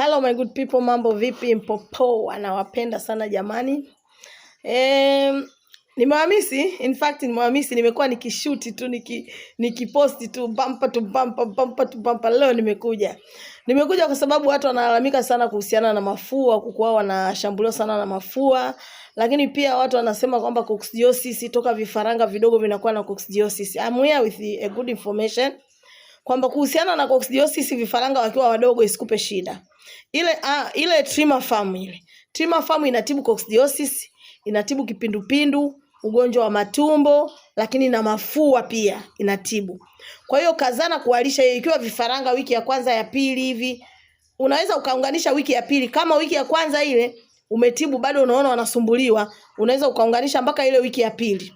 Hello my good people, mambo vipi? Mpopo anawapenda sana jamani. E, nimewamisi in fact, nimewamisi nimekuwa nikishuti tu niki nikiposti tu bampa tu bampa bampa tu bampa. Leo nimekuja nimekuja kwa sababu watu wanalalamika sana kuhusiana na mafua, kukuwa wanashambuliwa sana na mafua, lakini pia watu wanasema kwamba coccidiosis toka vifaranga vidogo vinakuwa na coccidiosis. I'm here with a good information kwamba kuhusiana na coccidiosis vifaranga wakiwa wadogo isikupe shida. Ile a, ah, ile Trimafam ile. Trimafam inatibu coccidiosis, inatibu kipindupindu, ugonjwa wa matumbo, lakini na mafua pia inatibu. Kwa hiyo kazana kuwalisha ikiwa vifaranga wiki ya kwanza ya pili hivi, unaweza ukaunganisha wiki ya pili kama wiki ya kwanza ile umetibu bado unaona wanasumbuliwa, unaweza ukaunganisha mpaka ile wiki ya pili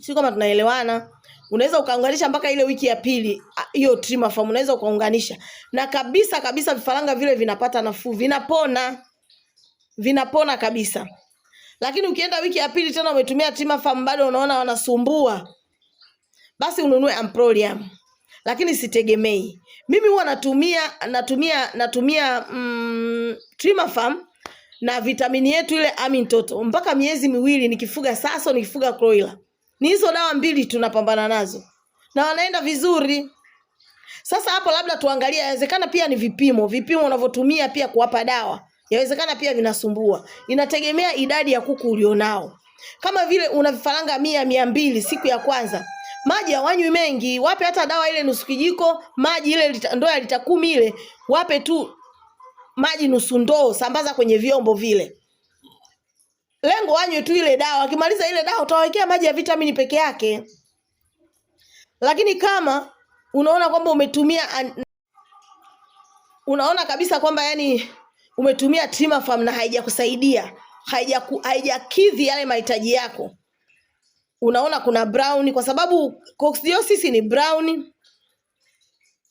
si kama tunaelewana. Unaweza ukaunganisha mpaka ile wiki ya pili hiyo trima farm unaweza ukaunganisha na kabisa kabisa, vifaranga vile vinapata nafuu, vinapona, vinapona kabisa. Lakini ukienda wiki ya pili tena umetumia trima farm bado unaona wanasumbua, basi ununue amprolium, lakini sitegemei mimi. Huwa natumia natumia natumia mm, trima farm na vitamini yetu ile amintoto mpaka miezi miwili nikifuga saso, nikifuga kroila ni hizo dawa mbili tunapambana nazo na wanaenda vizuri. Sasa hapo labda tuangalie, yawezekana pia ni vipimo, vipimo unavyotumia pia kuwapa dawa, yawezekana pia vinasumbua. Inategemea idadi ya kuku ulionao. Kama vile una vifaranga mia mia mbili siku ya kwanza maji hawanywi mengi, wape hata dawa ile nusu kijiko maji, ile lita, ndoo ya lita kumi ile wape tu maji nusu ndoo, sambaza kwenye vyombo vile lengo anywe tu ile dawa. Akimaliza ile dawa utawekea maji ya vitamini peke yake. Lakini kama unaona kwamba umetumia an... unaona kabisa kwamba yani umetumia Timafarm na haijakusaidia, haijakidhi yale mahitaji yako, unaona kuna brown, kwa sababu coccidiosis ni brown,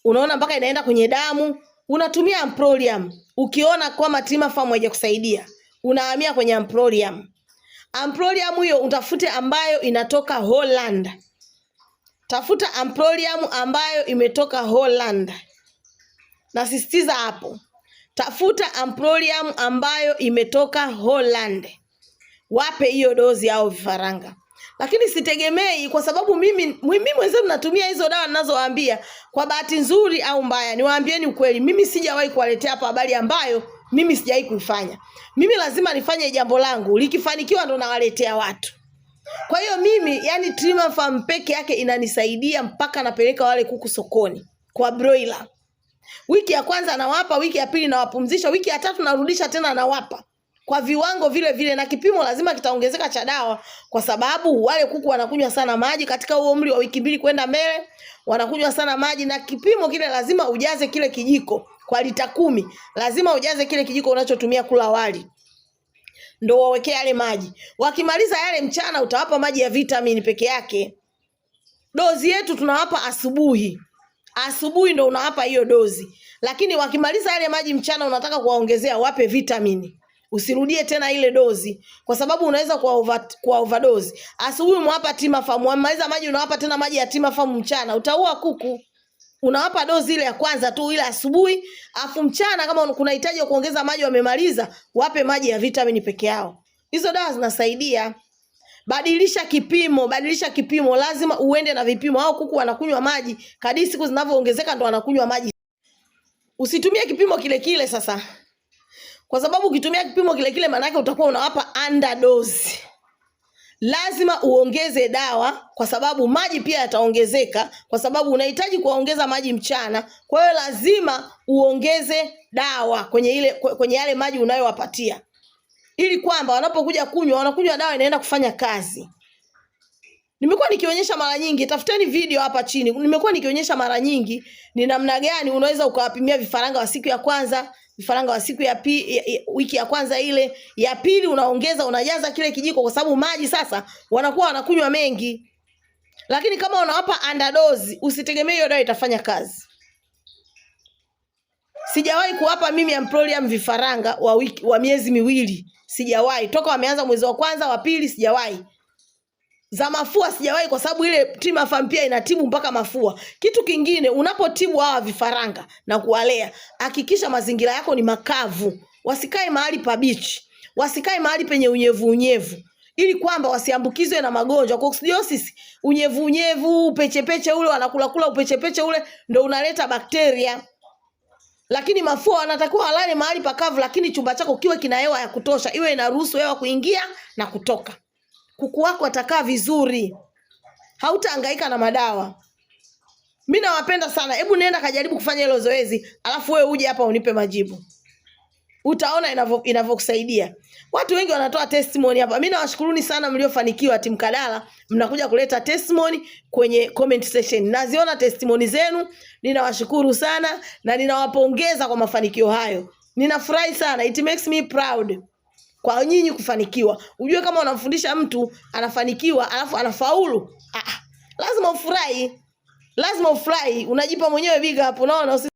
unaona mpaka inaenda kwenye damu, unatumia amprolium. Ukiona kwamba Timafarm haijakusaidia unahamia kwenye amprolium. Amprolium hiyo utafute ambayo inatoka Holland. Tafuta amprolium ambayo imetoka Holland. Nasisitiza hapo, tafuta amprolium ambayo imetoka Holland, wape hiyo dozi au vifaranga. Lakini sitegemei, kwa sababu mimi mimi mwenzenu natumia hizo dawa ninazowaambia, kwa bahati nzuri au mbaya, niwaambieni ukweli, mimi sijawahi kuwaletea hapa habari ambayo mimi sijai kuifanya. Mimi lazima nifanye jambo langu, likifanikiwa ndo nawaletea watu. Kwa hiyo mimi yani Trima Farm peke yake inanisaidia mpaka napeleka wale kuku sokoni kwa broiler. Wiki ya kwanza nawapa, wiki ya pili nawapumzisha, wiki ya tatu narudisha tena nawapa kwa viwango vile vile, na kipimo lazima kitaongezeka cha dawa, kwa sababu wale kuku wanakunywa sana maji katika huo umri wa wiki mbili kwenda mbele, wanakunywa sana maji, na kipimo kile lazima ujaze kile kijiko kwa lita kumi lazima ujaze kile kijiko unachotumia kula wali ndo wawekee yale maji. Wakimaliza yale mchana, utawapa maji ya vitamini peke yake. Dozi yetu tunawapa asubuhi, asubuhi ndo unawapa hiyo dozi, lakini wakimaliza yale maji mchana, unataka kuwaongezea, wape vitamini. Usirudie tena ile dozi, kwa sababu unaweza kuwa over, kuwa overdose. Asubuhi umewapa timafamu, wamaliza maji unawapa tena maji ya timafamu mchana, utaua kuku unawapa dozi ile ya kwanza tu ile asubuhi, afu mchana kama kunahitaji kuongeza maji wamemaliza, wape maji ya vitamini peke yao. Hizo dawa zinasaidia. Badilisha kipimo, badilisha kipimo, lazima uende na vipimo. Hao kuku wanakunywa maji kadri siku zinavyoongezeka, ndo wanakunywa maji. Usitumie kipimo kile kile sasa, kwa sababu ukitumia kipimo kile kile, maanake utakuwa unawapa underdose lazima uongeze dawa, kwa sababu maji pia yataongezeka, kwa sababu unahitaji kuwaongeza maji mchana. Kwa hiyo lazima uongeze dawa kwenye ile kwenye yale maji unayowapatia, ili kwamba wanapokuja kunywa, wanakunywa dawa inaenda kufanya kazi. Nimekuwa nikionyesha mara nyingi, tafuteni video hapa chini. Nimekuwa nikionyesha mara nyingi ni namna gani unaweza ukawapimia vifaranga wa siku ya kwanza vifaranga wa siku ya, pi, ya, ya wiki ya kwanza ile ya pili unaongeza unajaza kile kijiko, kwa sababu maji sasa wanakuwa wanakunywa mengi. Lakini kama unawapa andadozi, usitegemee hiyo dawa itafanya kazi. Sijawahi kuwapa mimi amprolium vifaranga wa wiki, wa miezi miwili sijawahi, toka wameanza mwezi wa kwanza wa pili sijawahi za mafua sijawahi, kwa sababu ile timu afam pia inatibu mpaka mafua. Kitu kingine, unapotibu hawa vifaranga na kuwalea, hakikisha mazingira yako ni makavu, wasikae mahali pabichi, wasikae mahali penye unyevu unyevu ili kwamba wasiambukizwe na magonjwa coccidiosis, unyevu unyevu, upechepeche ule wanakula wanakulakula, upechepeche ule ndo unaleta bakteria. Lakini mafua wanatakiwa walale mahali pakavu, lakini chumba chako kiwe kina hewa ya kutosha, iwe inaruhusu hewa kuingia na kutoka kuku wako atakaa vizuri, hautahangaika na madawa. Mi nawapenda sana. Hebu nenda kajaribu kufanya hilo zoezi, alafu wewe uje hapa unipe majibu, utaona inavyokusaidia. Watu wengi wanatoa testimony hapa. Mi nawashukuruni sana mliofanikiwa timu Kadala, mnakuja kuleta testimony kwenye comment section. Naziona testimony zenu, ninawashukuru sana na ninawapongeza kwa mafanikio hayo. Ninafurahi sana, it makes me proud kwa nyinyi kufanikiwa. Ujue kama unamfundisha mtu anafanikiwa alafu anafaulu, ah, ah lazima ufurahi, lazima ufurahi. Unajipa mwenyewe biga hapo, unaona.